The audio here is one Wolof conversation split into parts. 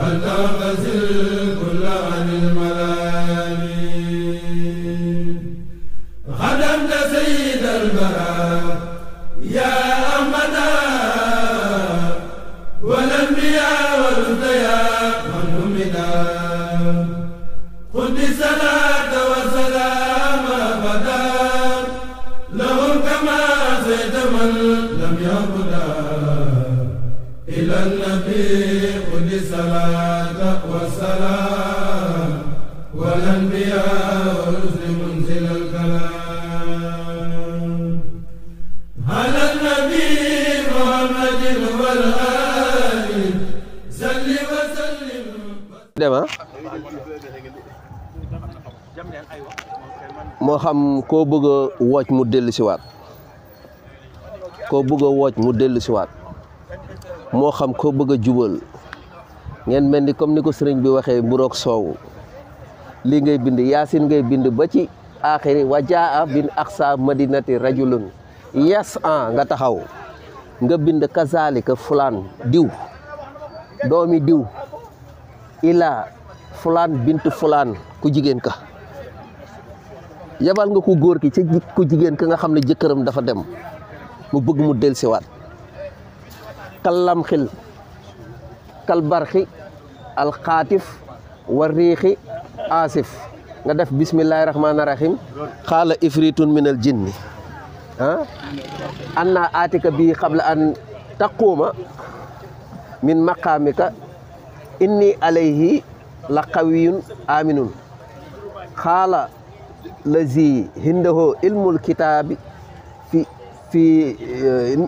فتغتسل كل عن الملامين خدمت سيد البراء يا أمنا والأنبياء والأنبياء من همنا قد الصلاة والسلام أبدا لهم كما زيد من لم يهدى إلى النبي والصلاة والسلام والأنبياء kau ah. xam bëgg mu si waat ko bëgg mu si waat xam bëgg ngeen mel ni comme ni ko sëriñ bi waxee mburoog soow lii ngay bind yaasin ngay bind ba ci aaxiri wa jaa bin aqsa madinati rajulun yes an nga taxaw nga bind kazalika fulaan diw doomi diw ila fulaan bint fulaan ku jigéen ka yabal nga ku góor ki ci ku jigéen ka nga xam ne jëkkëram dafa dem mu bëgg mu dellusiwaat kallam البرخي القاتف والريخي آسف ندف بسم الله الرحمن الرحيم قال إفريت من الجن أنا آتك بي قبل أن تقوم من مقامك إني عليه لقوي آمن قال الذي هنده علم الكتاب في في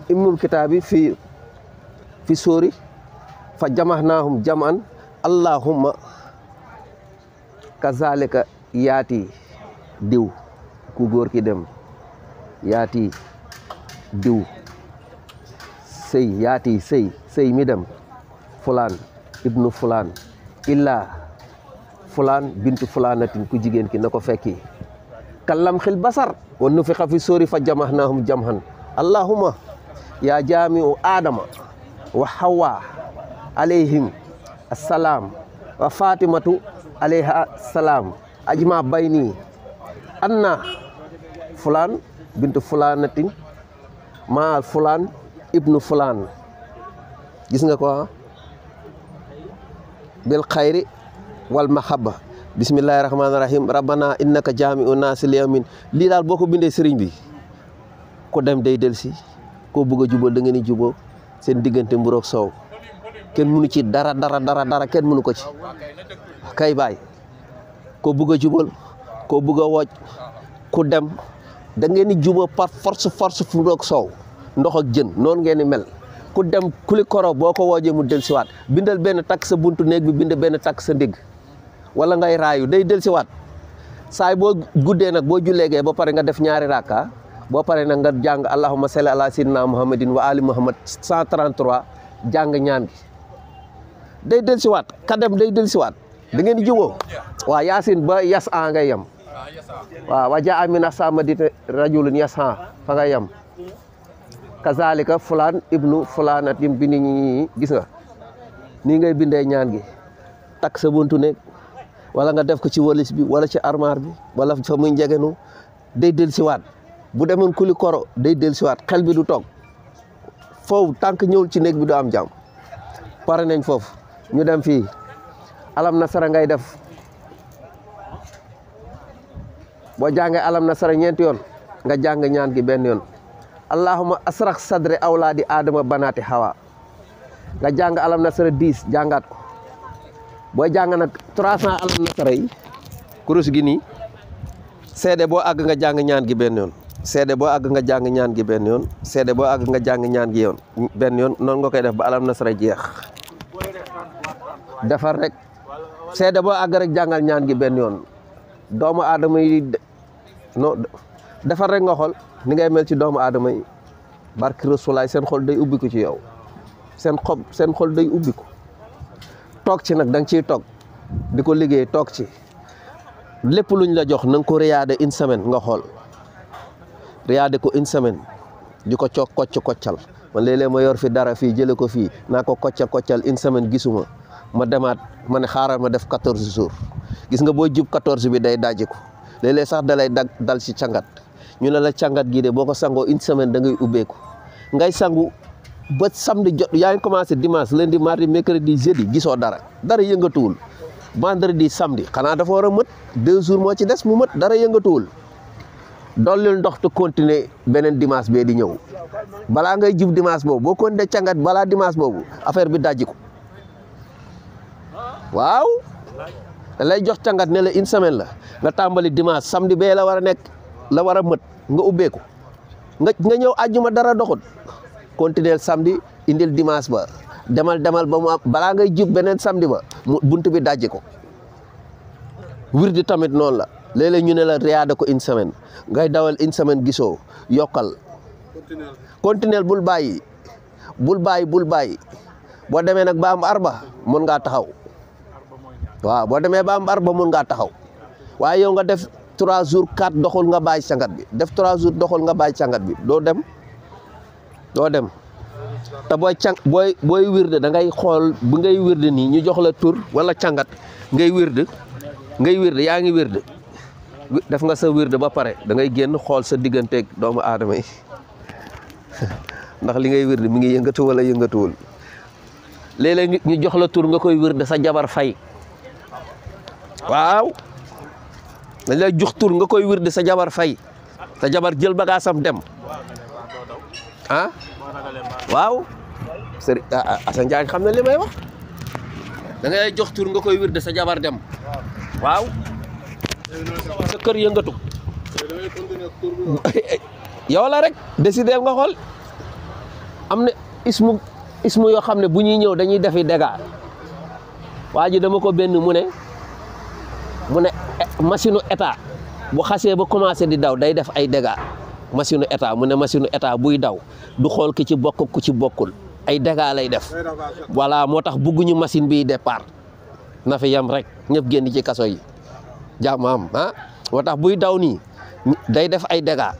علم الكتاب في في سوري fa jamaxnaahum yaati diw ku ki dem yaati diw sëy yaati sëy sëy fulaan ibnu fulaan illaa fulaan bintu fulaanatin ku jigéen ki na ko fekki kallam xil basar wa nufixa fi sóori fa jamaxnaahum jamhan allahumma yaa jaamiu aadama wa xawaa Alaihim assalam wa fatimatu alaiha salam ajma bayni anna fulan bintu fulanatin ma fulan ibnu fulan gis nga ko bil khairi wal mahabba Bismillahirrahmanirrahim rabbana innaka jami'un nas li yawmin li dal boko binde serigne bi ko dem day delsi ko bëgg jubal da ni jubo sen digënté mburok sow ken munu ci dara dara dara dara ken munu ko ci kay bay ko bëgg jubal ko bëgg wacc ku dem da ngeen ni juba par force force fu dok soow ndox ak jën non ngeen ni mel ku dem kuli koro boko woje mu del wat bindal ben tak sa buntu neeg bi bind ben tak sa ndig wala ngay rayu day del wat say bo guddee nak bo jullege ba pare nga def ñaari raka bo pare nak nga jang allahumma salli ala sayyidina muhammadin wa ali muhammad 133 jang ñaan day del wat ka kadem day del ci wat da ngeen ya, di jowo ya. wa yasin ba yas a nga yam waaw ah, wa jaa amina samadi rajulun yas ha fa nga yam kazalika fulan ibnu fulanat yim bini ni gis nga ni ngay binde ñaan gi tak sa buntu nek wala nga def ko ci wolis bi wala ci armar bi wala fa muy njegenu day del ci wat bu demon kuli koro day del ci wat xel du tok fofu tank ñewul ci nek bi du am jam paré nañ fofu ñu dem fi alam nasara ngay def bo jàngee alam nasara ñent yoon nga jang ñaan gi ben yoon allahumma asrax sadri awladi adama banati hawa nga jang alam nasara 10 jangat ko bo jang nak 300 alam nasara yi kurus gi ni seede bo ag nga jang ñaan gi ben yoon seede bo ag nga jang ñaan gi ben yoon seede bo ag nga jang ñaan gi yoon ben yoon non nga koy def ba alam nasara jeex defar rek seede boo àgg rek jàngal ñaan gi benn yoon doomu aadama yi no defar rek nga xool ni ngay mel ci doomu aadama yi barki rasulaay seen xol day ubbiku ci yow seen xob seen xol day ubbiku toog ci nag da nga ciy toog di ko liggéey toog ci lépp luñ la jox na nga ko riyaade une semaine nga xool riyaade ko une semaine di ko coog kocc koccal man léeg-léeg ma yor fi dara fii jële ko fii naa ko kocca koccal une semaine gisuma ma demaat ma ne xaaral ma def quatorze jours gis nga boo jub quatorze bi day daajiku léeg-léeg sax dalay dag dal si càngat ñu ne la càngat gi de boo ko sangoo une semaine da ngay ubbeeku ngay sangu ba samedi jot yaa ngi commencé leen di mardi mercredi jeudi gisoo dara dara yëngatuwul vendredi samedi xanaa dafa war a mët deux jours moo ci des mu mët dara yëngatuwul dollil ndox te continuer beneen dimanche bee di ñëw balaa ngay jub dimanche boobu boo continuer càngat balaa dimanche boobu affaire bi dajji ko waaw lay jox càngat ne la une semaine la nga tàmbali dimanche samedi bee la war a nekk la war a mët nga ubbeeku nga nga ñëw àjjuma dara doxut continuer samedi indil dimanche ba demal demal ba mu am balaa ngay jub beneen samedi ba mu bunt bi dajji ko wirdi tamit noonu la léeg ñu ne la riyaada ko une semaine ngay dawal une semaine gisoo yokkal continuer bul bàyyi bul bàyyi bul bàyyi boo demee nag ba am arba mën ngaa taxaw waaw boo demee baa am ba mun ngaa taxaw waaye yow nga def trois jours quatre doxul nga bàyyi sangat bi def trois jours doxul nga bàyyi sangat bi doo dem doo dem te booy càng booy booy wirde da ngay xool bu ngay wirde nii ñu jox la tur wala càngat ngay wirde ngay wirde yaa ngi wirde def nga sa wirde ba pare da ngay génn xool sa digganteeg doomu aadama yi ndax li ngay wirde mi ngi yëngatu wala yëngatuwul léeg ñu jox la tur nga koy wirde sa jabar fay waaw dañ lay jox tur nga koy wirde sa jabar fay sa jabar jël bagaasam dem ah? waaw Serigne ah, ah, Assane xam ne li may wax da ngay jox tur nga koy wirde sa jabar dem waaw sa kër yëngatu yow la rek décider nga xool am na ismu ismu yoo xam ne bu ñuy ñëw dañuy defi dégâts waa ji dama benn mu ne mu ne machine état bu xasee ba commencé di daw day def ay dégâts machine état mu ne machine état buy daw du xool ki ci bokk ci bokkul ay dégâts lay def voilà moo tax bugguñu machine bi départ na fi yem rek ñëpp génn ci kaso yi jàmm ah moo tax buy daw nii day def ay dégâts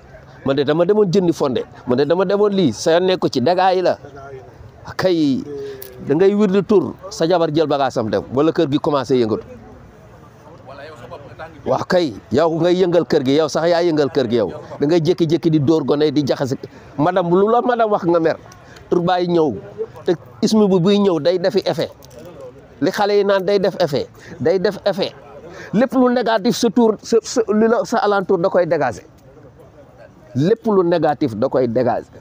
ma de dama demoon jënd fonde man ne dama demoon lii sa nekku ci dégâts yi la kay da ngay wirlu tur sa jabar jël bagaasam dem wala kër gi commencé yëngatu wax kay yow ngay yëngal kër gi yow sax yaa yëngal kër gi yow da ngay jékki-jékki di dóor gone di jaxase madame lu la madame wax nga mer tur bàyyi ñëw te ismu bu buy ñëw day defi effet li xale yi naan day def effet day def effet lépp lu négatif sa tour sa sa sa alentour da koy dégager lépp lu negatif da koy dégager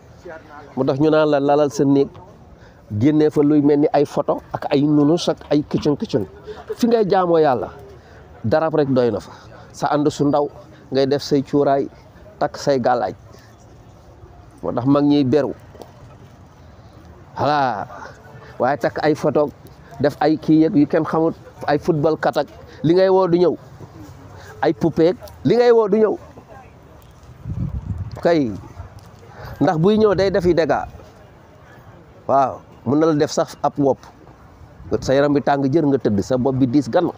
mu tax ñu naan la lalal sa néeg génnee fa luy mel ni ay photo ak ay nunus ak ay këcën këcën fi ngay jaamoo yàlla darab rek doy na fa sa andu su ndaw ngay def say ciuray tak say galaj motax mag ñi beru hala way tak ay photo def ay ki yek yu kenn xamut ay football kat ak li ngay wo du ñew ay poupée li ngay wo du ñew kay ndax buy ñew day def yi dega waaw mën na la def sax ap wop sa yaram bi tang jeur nga teud sa bop bi dis gan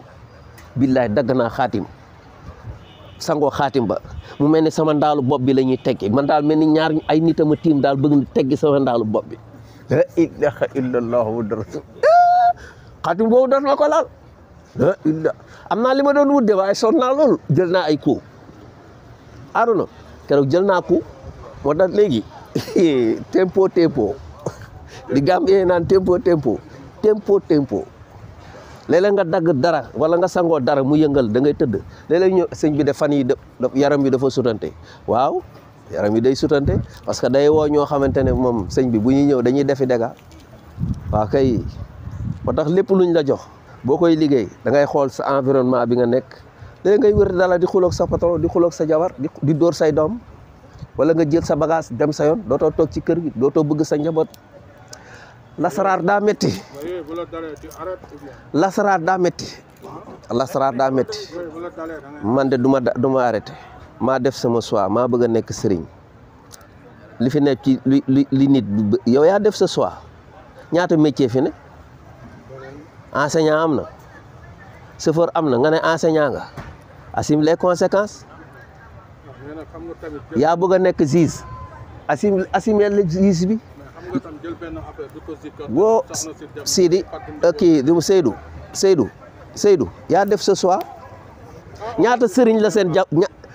billahi dagg khatim, xaatim khatim xaatim ba mu melni sama ndalu bopp bi lañuy teggi man dal melni ñaar ay nitam tim dal bëgg ni teggi sama ndalu bopp bi la ilaha illallah wa rasul khatim ah! bo do na ko laal la illa amna lima doon wut de waaye ay kero jeulna mo dal legi tempo tempo di gambe nan tempo tempo tempo tempo léeg nga dag dara wala nga sango dara mu yëngal da ngay teud léeg ñu señ bi def fan yi yaram bi dafa sutante waw yaram yi day sutante parce que day wo ño xamantene mom señ bi bu ñuy ñëw dañuy def dega wa kay ba tax lépp luñ la jox bokoy da ngay xol sa environnement bi nga nek ngay wër dala di xuloog sa patron di xuloog sa jabar di door say dom wala nga jël sa bagage dem sa yoon doto tok ci kër gi doto bëgg sa njabot lasaraar daa métti lasaraar daa métti lasaraar daa métti man de du du ma maa def sama choix maa bëgg a nekk sëriñ li fi nekk ci li li yow yaa def sa choix ñaata métier fi ne enseignant am na chauffeur am na nga ne enseignant nga assume les conséquences yaa bëgg a nekk juge assume le juge bi woo Sidi kii di Seydou Seydou Seydou yaa def ce soir ah, ñaata sëriñ la seen ja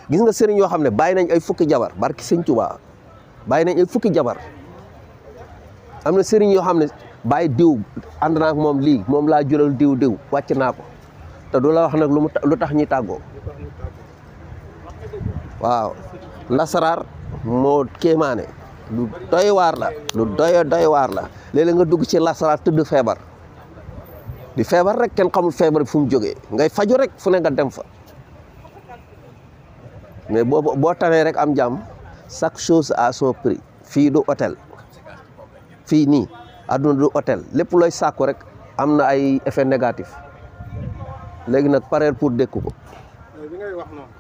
gis nga sëriñ yoo xam ne bàyyi nañ ay fukki jabar barki sëñ Tuubaa bàyyi nañ ay fukki jabar am na sëriñ yoo xam ne bàyyi diw ànd naa moom lii moom laa jural diw diw wàcc naa ko te du la wax nag lu mu tax ñuy tàggoo waaw lasaraar moo kéemaane lu doy waar la lu doy waar la léeg nga dugg ci lasara du feebar di feebar rek kenn xamul feebar bi fu mu jógee ngay faju rek fu ne nga dem fa mais boo boo tanee rek am jàmm chaque chose à son prix fii du hôtel fii nii àdduna du hôtel lépp looy sàkku rek am na ay effet négatif léegi nag pareel pour dékku ko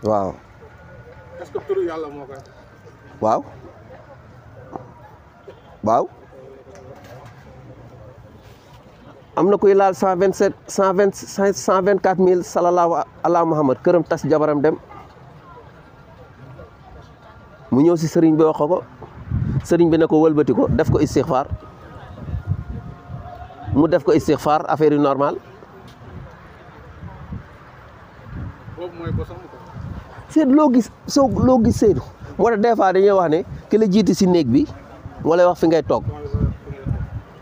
waaw waaw waaw am na kuy laal cent vingt sept cent vingt cent vingt quatre mille salallaahu ala muhammad këram tas jabaram dem mu ñëw si sëriñ bi wax ko sëriñ bi ne ko wëlbati ko def ko istixfaar mu def ko istixfaar affaire yu normal seet loo gis soo loo gis seetu moo tax des fois dañuy wax ne ki la jiiti si néeg bi moo wax fi ngay toog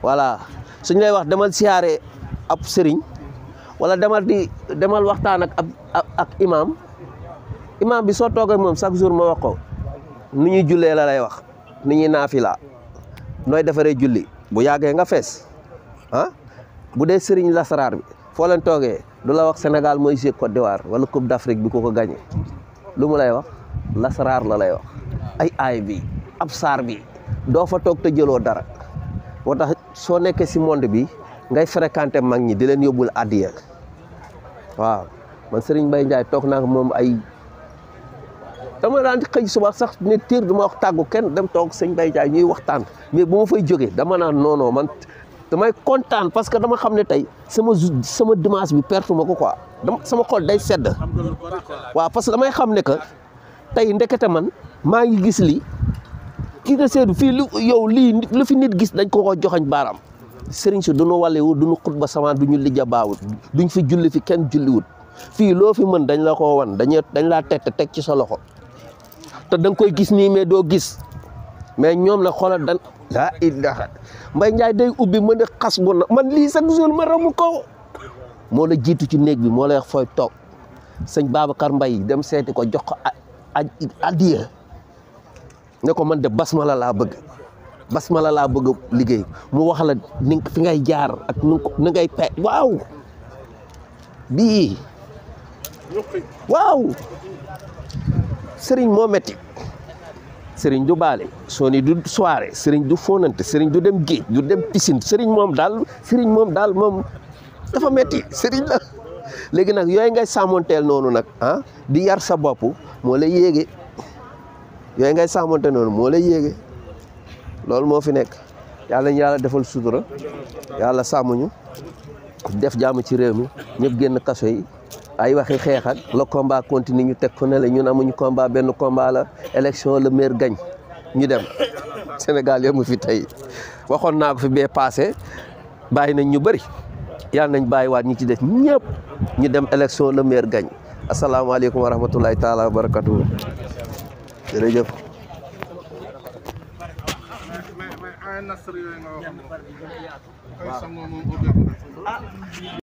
voilà suñ lay wax demal siyaare ab sëriñ wala demal di demal waxtaan ak ab ak imaam imaam bi soo toog ak moom chaque jour ma wax ko nu ñuy jullee la lay wax nu ñuy naafila nooy defaree julli bu yàggee nga fees ah bu dee sëriñ lasaraar bi foo leen toogee du la wax Sénégal mooy jouer Côte d'Ivoire wala Coupe d'Afrique bi ko ko gagné lu mu lay wax lasaraar la lay wax ay aay bi ab saar bi doo fa toog te jëloo dara moo tax soo nekkee si monde bi ngay fréquenté mag ñi di leen yóbbul addiya waaw man sëriñ bay Ndiaye toog naa moom ay dama daan xëy suba sax ne tiir du ma wax tàggu kenn dem toog Serigne Mbaye Ndiaye ñuy waxtaan mais bu ma fay jógee dama naan noonoo man damay kontaan parce que dama xam ne tey sama sama dimanche bi perte ma ko quoi dama sama xol day sedd waaw parce que damay xam ne que tey ndekete man maa ngi gis lii. ci na seedu fii lu yow lii lu fi nit gis dañ ko ko joxañ baaraam si si duñu walewu duñu xutba samaan du ñu lijja baawut duñ fi julli fi kenn julliwut fii loo fi mën dañ la ko wan dañ dañ laa tett teg ci sa loxo te da nga koy gis nii mais doo gis mais ñoom na xoolal dan laa ilaha mbay njaay day ubbi mën a xas bu na man lii chaque jour ma ramu ko moo la jiitu ci néeg bi moo lay wax fooy toog sëñ Babacar Mbay dem seeti ko jox ko adiya nga ko man de basmala laa bëgg basmala laa bëgg liggéey mu wax la ni fi ngay jaar ak nu ngay pe waaw bii waaw sëriñ moo metti sëriñ du baale sooni du soirée sëriñ du fonante sëriñ du dem géej du dem piscine sëriñ moom daal sëriñ moom daal moom dafa metti sëriñ la léegi nag yooyu ngay sàmmoonteel noonu nag ah di yar sa bopp moo lay yéege yooyu ngay sàmmante noonu moo lay yéege loolu moo fi nekk yàlla ñu yàlla defal sutura yàlla sàmmuñu def jàmm ci réew mi ñëpp génn kaso yi ay waxi xeex ak le combat ñu teg ko ne la ñun amuñu combat benn combat la le maire gañ ñu dem Sénégal yemu fi tey waxoon naa ko fi bee passé bàyyi nañ ñu bëri yàlla nañ waat ñu ci def ñëpp ñu dem élection la maire gañ asalaamaaleykum wa rahmatulahi taala wa barakatuhu jërëjëf